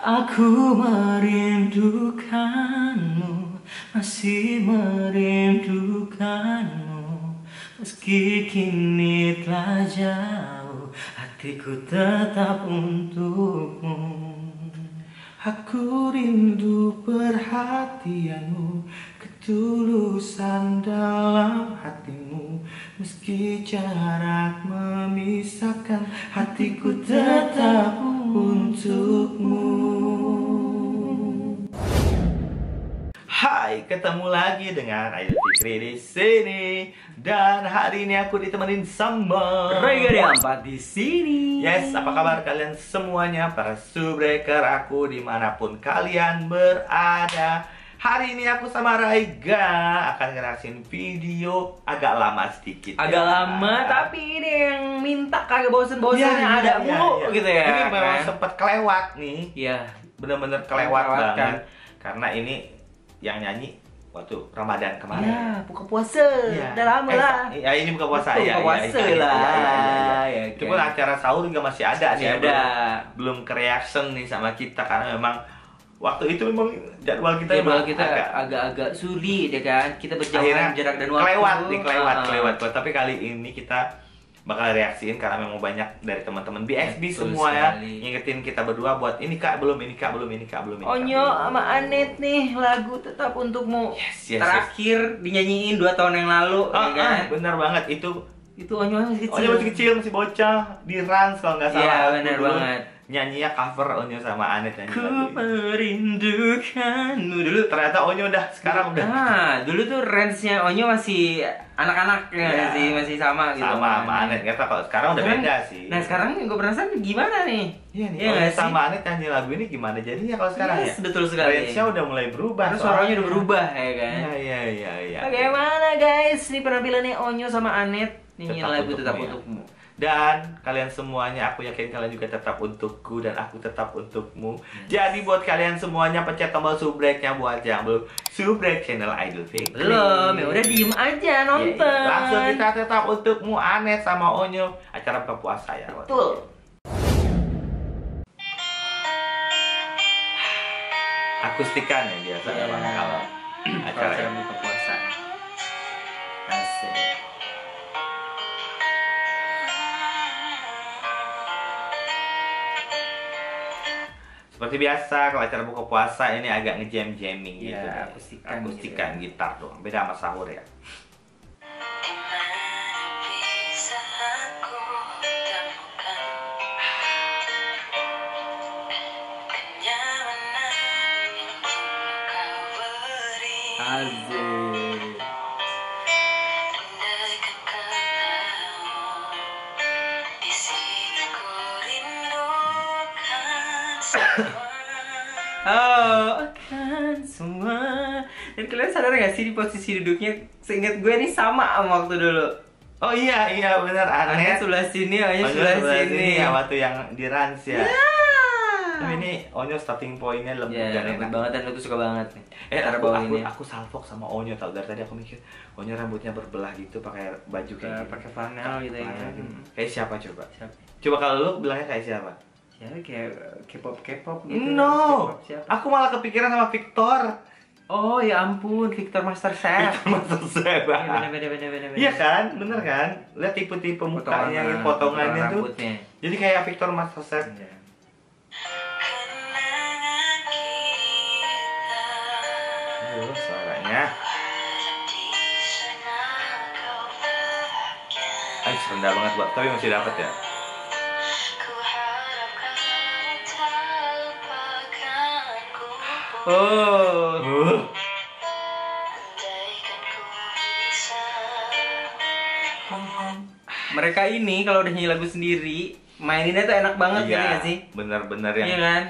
Aku merindukanmu, masih merindukanmu Meski kini telah jauh, hatiku tetap untukmu Aku rindu perhatianmu, ketulusan dalam hatimu Meski jarak memisahkan, hatiku tetap untukmu untukmu Hai, ketemu lagi dengan Ayu Fikri di sini dan hari ini aku ditemenin sama Rega Empat di sini. Yes, apa kabar kalian semuanya para subreaker aku dimanapun kalian berada? Hari ini aku sama Raiga akan ngerasin video agak lama sedikit. Agak ya. lama, tapi ini yang minta kagak bosen-bosennya ya, ya ada ya, mulu ya, ya. gitu ya. Ini kan? memang sempet kelewat nih. Iya. Bener-bener kelewat, kelewat banget. Kan? Karena ini yang nyanyi waktu Ramadan kemarin. Ya, buka puasa. Ya. Udah lama eh, lah. Eh, ya, ini buka puasa buka ya. ya puasa ya, ya lah. Ya, ya, ya, ya. Cuma acara sahur juga masih ada masih nih. Ada. Belum, belum ke reaction nih sama kita karena memang waktu itu memang jadwal kita jadwal kita agak-agak sulit ya kan kita berjalan jarak dan waktu kelewat nih kelewat uh. kelewat tapi kali ini kita bakal reaksiin karena memang banyak dari teman-teman BSB Betul semua ya, sekali. ya ngingetin kita berdua buat ini kak belum ini kak belum ini kak belum ini Onyo kak, sama Anet nih lagu tetap untukmu yes, yes, terakhir yes. dinyanyiin dua tahun yang lalu oh, ya ah, ah, kan? ah, bener banget itu itu Onyo masih kecil. Onyo oh, masih kecil, masih bocah di Rans kalau nggak iya, salah. Iya, benar banget. Nyanyinya cover Onyo sama Anet nyanyi Ku merindukanmu dulu. Ternyata Onyo udah sekarang udah. Nah, dulu tuh nya Onyo masih anak-anak ya, ya, masih masih sama gitu. Sama sama Anet kata kalau sekarang udah sekarang, beda sih. Nah sekarang gue penasaran gimana nih? Iya nih. Ya, sama Anet nyanyi lagu ini gimana jadinya kalau sekarang yes, ya? Betul sekali. Ransnya udah mulai berubah. Terus suaranya udah berubah ya kan? Iya iya iya. Ya, Bagaimana guys ini penampilannya Onyo sama Anet? tetap lagu untukmu tetap ya. untukmu dan kalian semuanya aku yakin kalian juga tetap untukku dan aku tetap untukmu yes. jadi buat kalian semuanya pencet tombol subreknya buat yang belum subrek channel Idol Fake belum ya udah diem aja iya, iya. nonton ya, ya. langsung kita tetap untukmu aneh sama Onyo acara buka puasa ya betul akustikan ya biasa yeah. Iya. kalau acara buka puasa asik Seperti biasa kalau acara buka puasa ini agak ngejam-jamming iya, gitu. Ya, akustikan, gitu. Ya. gitar doang. Beda sama sahur ya. Azim. lupakan semua dan kalian sadar gak sih di posisi duduknya seingat gue ini sama sama waktu dulu oh iya iya benar aneh sebelah sini Onyo sebelah, sebelah sini. sini ya waktu yang di Rans ya yeah. Tapi ini Onyo starting pointnya lembut yeah, dan lembut enak. banget dan lu tuh suka banget nih. Eh aku, aku, aku salfok sama Onyo tau dari tadi aku mikir Onyo rambutnya berbelah gitu pakai baju kayak gitu. Pakai flanel gitu ya. Gitu. Kayak siapa coba? Siapa? Coba kalau lu bilangnya kayak siapa? ya kayak eh, K-pop K-pop gitu no K-pop aku malah kepikiran sama Victor oh ya ampun Victor Master Chef Victor Master Chef ya, bener, bener, bener, iya kan bener kan lihat tipe-tipe mukanya potongan, potongannya tuh rambutnya. jadi kayak Victor Master Chef ya. Ya. suaranya Ay, rendah banget buat tapi masih dapat ya Oh. oh mereka ini kalau udah nyanyi lagu sendiri maininnya tuh enak banget iya, ya sih bener-bener yang iya kan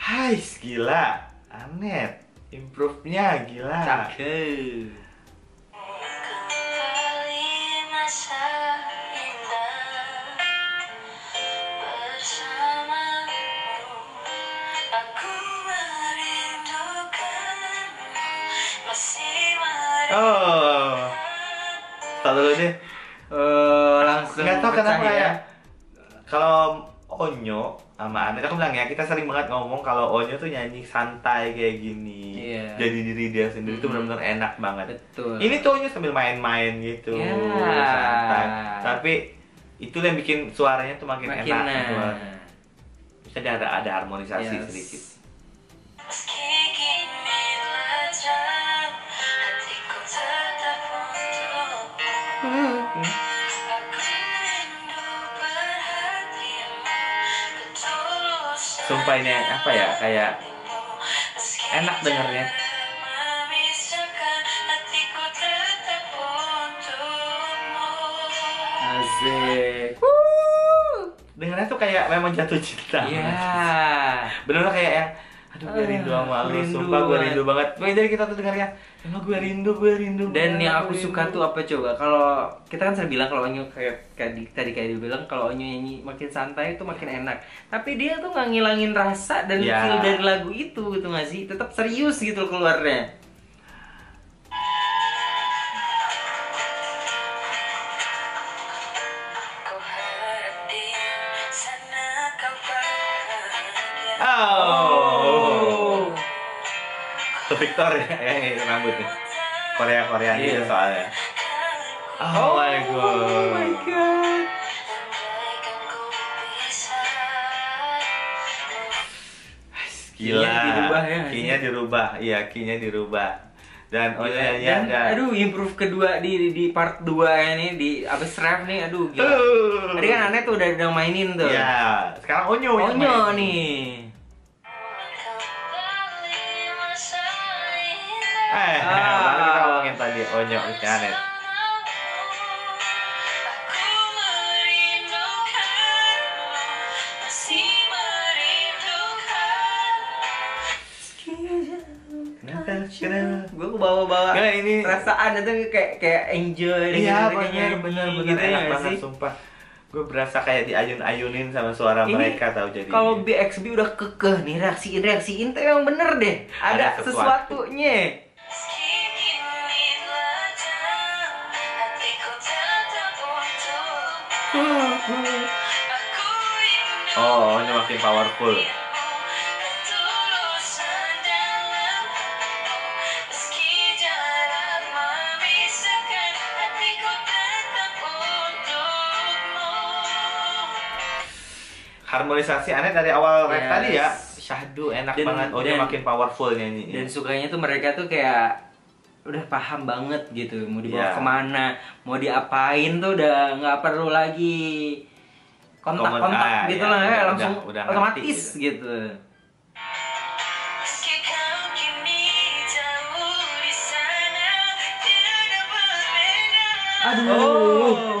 Hai gila Anet improve-nya gila cakep oh dulu deh uh, langsung Gak tau kenapa ya, ya. kalau Onyo sama Anet aku bilang ya kita sering banget ngomong kalau Onyo tuh nyanyi santai kayak gini yeah. jadi diri dia sendiri mm. tuh benar-benar enak banget betul ini tuh Onyo sambil main-main gitu yeah. santai tapi itu yang bikin suaranya tuh makin, makin enak nah. bisa ada ada harmonisasi yes. sedikit sumpah ini apa ya kayak enak dengarnya Azik. Dengarnya tuh kayak memang jatuh cinta. Iya. Yeah. Bener kayak yang aduh gue rindu sama lu rindu sumpah gue rindu banget pokoknya dari kita tuh ya. emang gue rindu gue rindu dan yang aku suka tuh apa coba kalau kita kan sering bilang kalau onyo kayak, kayak tadi kayak bilang kalau onyo nyanyi makin santai itu makin iya. enak tapi dia tuh nggak ngilangin rasa dan yeah. feel dari lagu itu gitu nggak sih tetap serius gitu keluarnya Oh. The Victor ya, eh, rambutnya. Korea Korea yeah. gitu iya. soalnya. Oh, oh my god. Oh my god. Gila. Kinya dirubah ya. Kinya dirubah. Iya, kinya dirubah. Dan oh ya, ya, dan, aduh improve kedua di di part 2 ini di abis rap nih aduh gila. Tadi kan aneh tuh udah udah mainin tuh. Iya, sekarang Onyo Onyo nih. lagi onyok oh, janet Keren, gue bawa bawa nah, ini perasaan itu kayak kayak enjoy Iya bener bener bener gitu ya enak banget sumpah gue berasa kayak diayun-ayunin sama suara ini, mereka tau jadi kalau BXB udah kekeh nih reaksiin reaksiin tuh yang bener deh ada, ada sesuatu. sesuatunya oh ini makin powerful harmonisasi aneh dari awal yes. rap tadi ya syahdu enak dan, banget oh dan, dia makin powerful nyanyi dan sukanya tuh mereka tuh kayak udah paham banget gitu mau dibawa yeah. kemana mau diapain tuh udah nggak perlu lagi kontak-kontak ah, gitu ya, lah ya, langsung udah, udah otomatis ngerti, gitu. gitu. Aduh. Oh.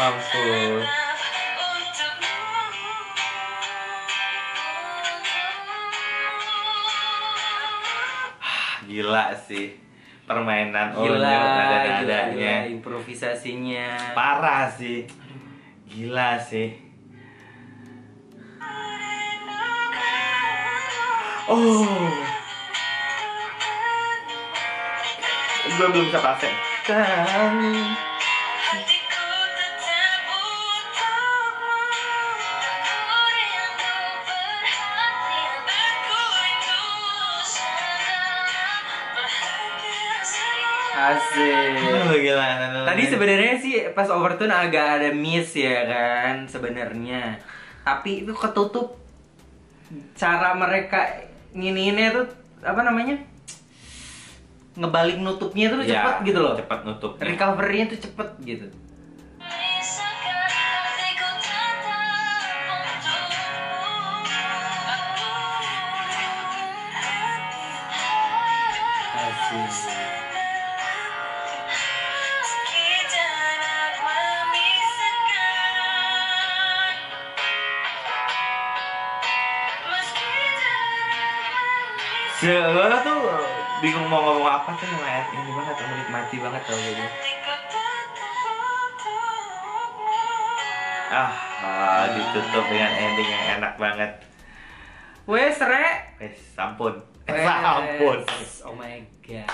Mampus. gila sih permainan gila, ada gila, improvisasinya parah sih gila sih oh gue belum bisa pakai Asik. Gila, Tadi sebenarnya sih pas overtone agak ada miss ya kan sebenarnya. Tapi itu ketutup cara mereka nginiinnya itu apa namanya? Ngebalik nutupnya tuh ya, cepet gitu loh. Cepet nutup Recovery-nya tuh cepet gitu. ya tuh bingung mau ngomong apa tuh yang ini banget menikmati banget tau gitu ah, ah ditutup dengan ending yang enak banget wes re wes sampun wes. sampun oh my god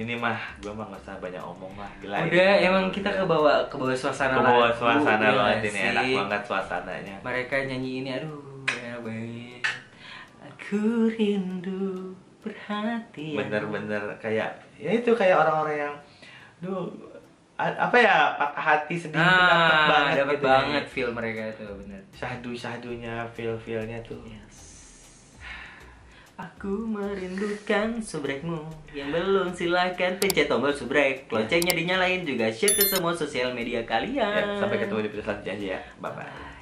ini mah gue mah gak usah banyak omong lah gila udah ini. emang kita ke bawah ke bawah suasana ke bawah suasana banget iya ini enak banget suasananya mereka nyanyi ini aduh enak banget Ku rindu perhatian. Bener-bener kayak ya itu kayak orang-orang yang duh apa ya patah hati sedih ah, dapat banget dapet gitu ya. banget ya. feel mereka itu bener Sahdu-sahdunya, feel feelnya tuh yes. Aku merindukan subrekmu Yang belum silahkan pencet tombol subrek ya. Loncengnya dinyalain juga share ke semua sosial media kalian ya, Sampai ketemu di video selanjutnya ya ya Bye bye